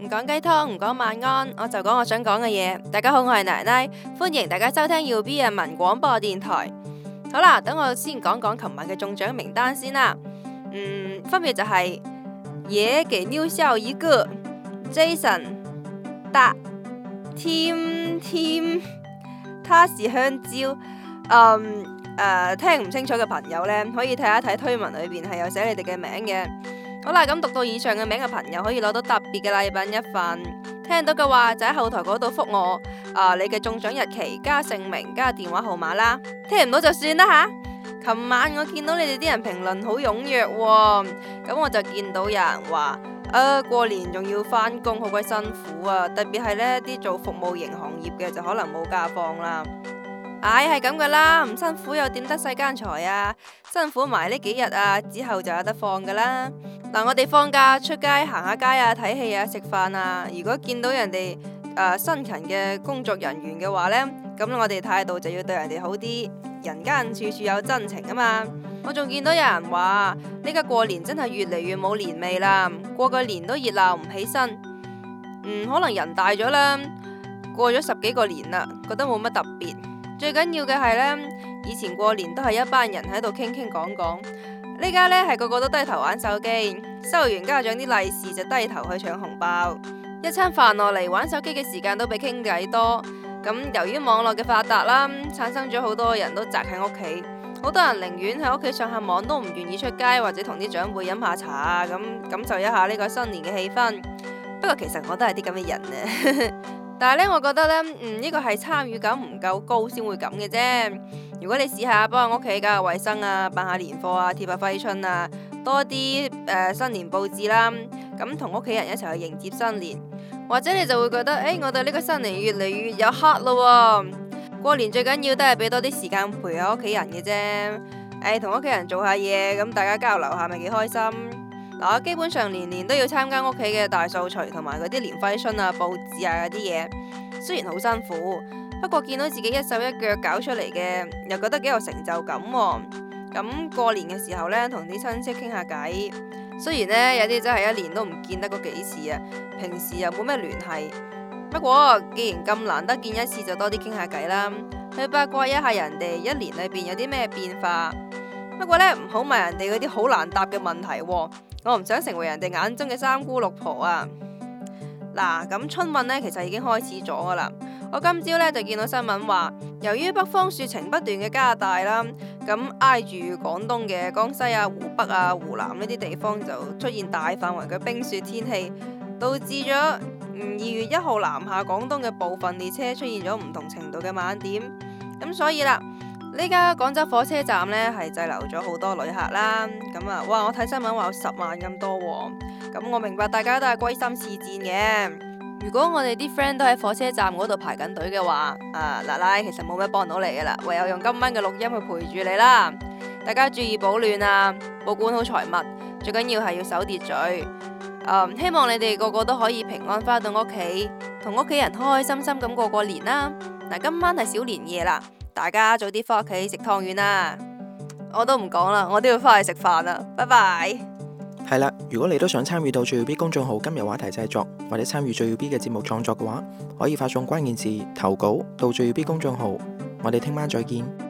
唔講雞湯，唔講晚安，我就講我想講嘅嘢。大家好，我係奶奶，歡迎大家收聽 YB 人民廣播電台。好啦，等我先講講琴晚嘅中獎名單先啦。嗯，分別就係野奇、New Show Eagle Jason 達添添他是香蕉。嗯誒、呃，聽唔清楚嘅朋友呢，可以睇一睇推文裏邊係有寫你哋嘅名嘅。好啦，咁讀到以上嘅名嘅朋友可以攞到特別嘅禮品一份，聽到嘅話就喺後台嗰度覆我，啊、呃，你嘅中獎日期加姓名加電話號碼啦，聽唔到就算啦吓。琴晚我見到你哋啲人評論好踴躍喎，咁我就見到有人話，啊、呃，過年仲要返工，好鬼辛苦啊，特別係呢啲做服務型行業嘅就可能冇假放啦。唉，係咁噶啦，唔辛苦又點得世間財啊？辛苦埋呢幾日啊，之後就有得放噶啦。嗱，我哋放假出街行下街啊，睇戲啊，食飯啊。如果見到人哋誒辛勤嘅工作人員嘅話呢，咁我哋態度就要對人哋好啲。人間處處有真情啊嘛。我仲見到有人話呢家過年真係越嚟越冇年味啦，過個年都熱鬧唔起身。嗯，可能人大咗啦，過咗十幾個年啦，覺得冇乜特別。最緊要嘅係呢，以前過年都係一班人喺度傾傾講講，呢家呢係個個都低頭玩手機，收完家長啲利是就低頭去搶紅包，一餐飯落嚟玩手機嘅時間都比傾偈多。咁由於網絡嘅發達啦，產生咗好多人都宅喺屋企，好多人寧願喺屋企上下網，都唔願意出街或者同啲長輩飲下茶啊，咁感受一下呢個新年嘅氣氛。不過其實我都係啲咁嘅人呢。 但係咧，我覺得咧，嗯，呢個係參與感唔夠高先會咁嘅啫。如果你試下幫下屋企搞下衞生啊，辦下年貨啊，貼下揮春啊，多啲誒、呃、新年佈置啦、啊，咁同屋企人一齊去迎接新年，或者你就會覺得，誒、欸，我對呢個新年越嚟越有 heart 咯。過年最緊要都係俾多啲時間陪下屋企人嘅啫、呃，誒，同屋企人做下嘢，咁大家交流下，咪幾開心。嗱，基本上年年都要參加屋企嘅大掃除，同埋嗰啲年揮春啊、布置啊嗰啲嘢。雖然好辛苦，不過見到自己一手一腳搞出嚟嘅，又覺得幾有成就感喎、哦。咁、嗯、過年嘅時候呢，同啲親戚傾下偈。雖然呢，有啲真係一年都唔見得個幾次啊，平時又冇咩聯繫。不過既然咁難得見一次，就多啲傾下偈啦，去八卦一下人哋一年裏邊有啲咩變化。不過呢，唔好問人哋嗰啲好難答嘅問題、哦。我唔想成為人哋眼中嘅三姑六婆啊！嗱、啊，咁春運呢，其實已經開始咗噶啦。我今朝呢，就見到新聞話，由於北方雪情不斷嘅加大啦，咁挨住廣東嘅江西啊、湖北啊、湖南呢啲地方就出現大範圍嘅冰雪天氣，導致咗二月一號南下廣東嘅部分列車出現咗唔同程度嘅晚點。咁、啊、所以咧。呢家廣州火車站呢係滯留咗好多旅客啦，咁啊，哇！我睇新聞話有十萬咁多，咁我明白大家都係歸心似箭嘅。如果我哋啲 friend 都喺火車站嗰度排緊隊嘅話，啊，奶奶，其實冇咩幫到你噶啦，唯有用今晚嘅錄音去陪住你啦。大家注意保暖啊，保管好財物，最緊要係要守秩序。嗯，希望你哋個個都可以平安返到屋企，同屋企人開開心心咁過過年啦。嗱，今晚係小年夜啦。大家早啲返屋企食湯圓啦！我都唔講啦，我都要返去食飯啦，拜拜。係啦，如果你都想參與到最耀 B 公眾號今日話題製作，或者參與最耀 B 嘅節目創作嘅話，可以發送關鍵字投稿到最耀 B 公眾號。我哋聽晚再見。